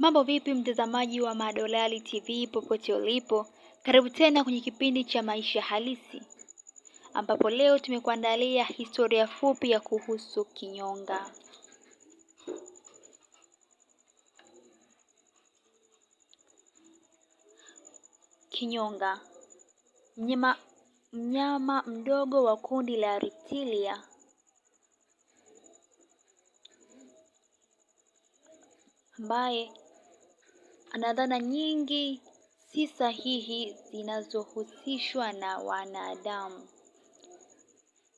Mambo vipi mtazamaji wa Madolali TV popote ulipo, karibu tena kwenye kipindi cha maisha halisi, ambapo leo tumekuandalia historia fupi ya kuhusu kinyonga. Kinyonga, mnyama mnyama mdogo wa kundi la reptilia. ambaye ana dhana nyingi si sahihi zinazohusishwa na wanadamu.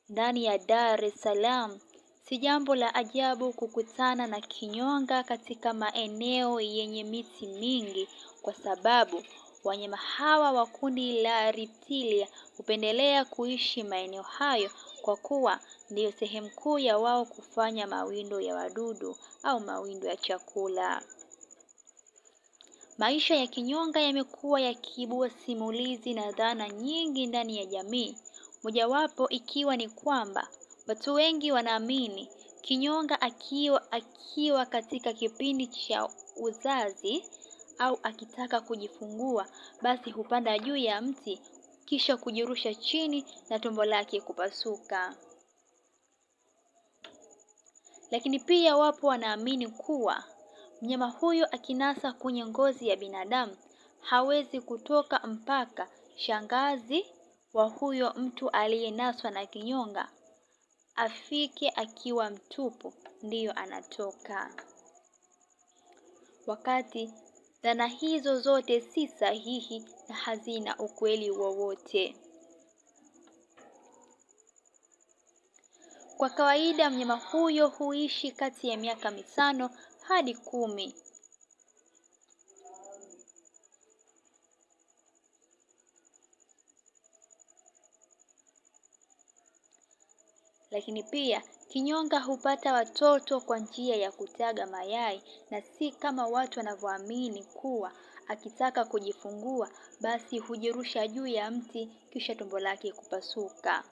Ndani ya Dar es Salaam, si jambo la ajabu kukutana na kinyonga katika maeneo yenye miti mingi, kwa sababu wanyama hawa wa kundi la reptilia hupendelea kuishi maeneo hayo kwa kuwa ndiyo sehemu kuu ya wao kufanya mawindo ya wadudu au mawindo ya chakula. Maisha ya kinyonga yamekuwa yakiibua simulizi na dhana nyingi ndani ya jamii, mojawapo ikiwa ni kwamba watu wengi wanaamini kinyonga akiwa akiwa katika kipindi cha uzazi au akitaka kujifungua, basi hupanda juu ya mti kisha kujirusha chini na tumbo lake kupasuka. Lakini pia wapo wanaamini kuwa Mnyama huyo akinasa kwenye ngozi ya binadamu hawezi kutoka mpaka shangazi wa huyo mtu aliyenaswa na kinyonga afike akiwa mtupu, ndiyo anatoka. Wakati dhana hizo zote si sahihi na hazina ukweli wowote. Kwa kawaida mnyama huyo huishi kati ya miaka mitano hadi kumi. Lakini pia kinyonga hupata watoto kwa njia ya kutaga mayai, na si kama watu wanavyoamini kuwa akitaka kujifungua basi hujirusha juu ya mti kisha tumbo lake kupasuka.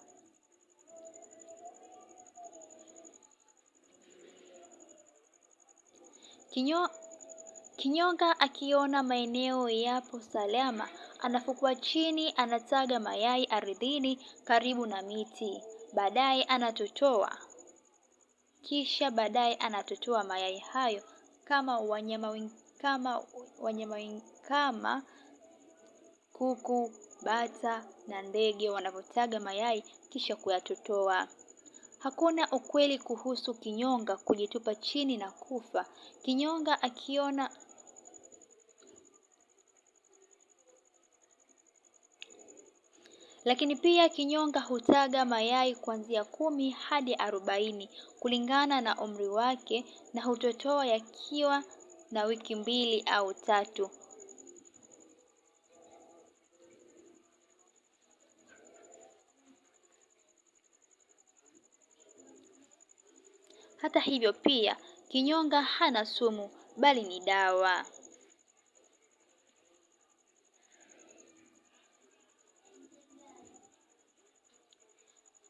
Kinyonga akiona maeneo yapo salama, anafukua chini, anataga mayai ardhini karibu na miti. Baadaye anatotoa, kisha baadaye anatotoa mayai hayo kama wanyama kama wanyama kama kuku, bata na ndege wanavyotaga mayai kisha kuyatotoa. Hakuna ukweli kuhusu kinyonga kujitupa chini na kufa. Kinyonga akiona Lakini pia kinyonga hutaga mayai kuanzia kumi hadi arobaini kulingana na umri wake na hutotoa yakiwa na wiki mbili au tatu. Hata hivyo pia kinyonga hana sumu bali ni dawa.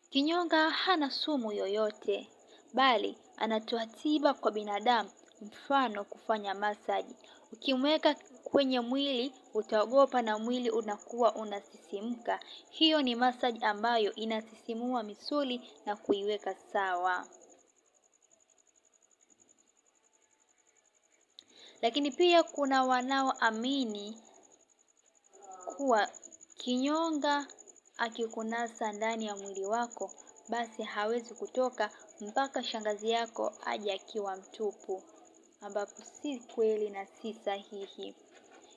Kinyonga hana sumu yoyote, bali anatoa tiba kwa binadamu, mfano kufanya masaji. Ukimweka kwenye mwili utaogopa na mwili unakuwa unasisimka. Hiyo ni masaji ambayo inasisimua misuli na kuiweka sawa. Lakini pia kuna wanaoamini kuwa kinyonga akikunasa ndani ya mwili wako, basi hawezi kutoka mpaka shangazi yako aje akiwa mtupu, ambapo si kweli na si sahihi.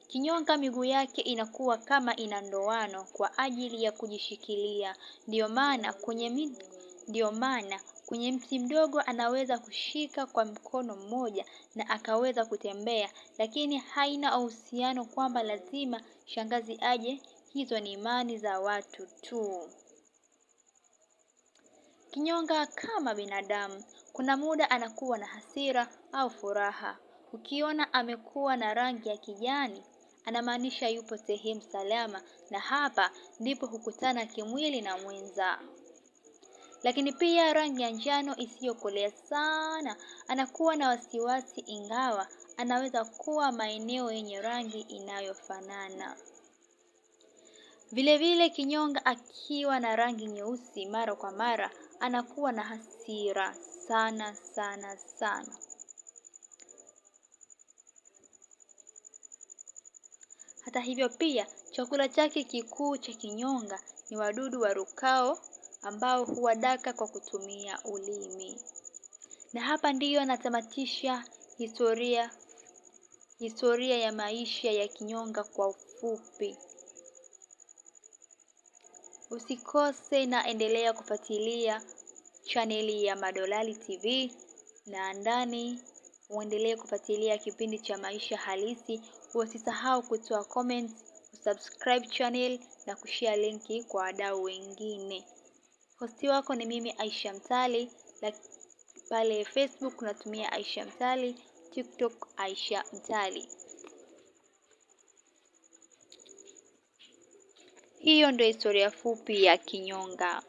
Kinyonga miguu yake inakuwa kama ina ndoano kwa ajili ya kujishikilia. Ndiyo maana kwenye mi... ndiyo maana Kwenye mti mdogo anaweza kushika kwa mkono mmoja na akaweza kutembea, lakini haina uhusiano kwamba lazima shangazi aje. Hizo ni imani za watu tu. Kinyonga kama binadamu, kuna muda anakuwa na hasira au furaha. Ukiona amekuwa na rangi ya kijani, anamaanisha yupo sehemu salama, na hapa ndipo hukutana kimwili na mwenza lakini pia rangi ya njano isiyokolea sana. Anakuwa na wasiwasi, ingawa anaweza kuwa maeneo yenye rangi inayofanana. Vilevile, kinyonga akiwa na rangi nyeusi mara kwa mara, anakuwa na hasira sana sana sana. Hata hivyo, pia chakula chake kikuu cha kinyonga ni wadudu warukao ambao huwadaka kwa kutumia ulimi. Na hapa ndiyo anatamatisha historia historia ya maisha ya kinyonga kwa ufupi. Usikose na endelea kufuatilia chaneli ya Madolali TV na ndani uendelee kufuatilia kipindi cha maisha halisi. Usisahau kutoa comment, kusubscribe channel na kushare linki kwa wadau wengine. Hosti wako ni mimi Aisha Mtali, pale Facebook unatumia Aisha Mtali, TikTok Aisha Mtali. Hiyo ndio historia fupi ya Kinyonga.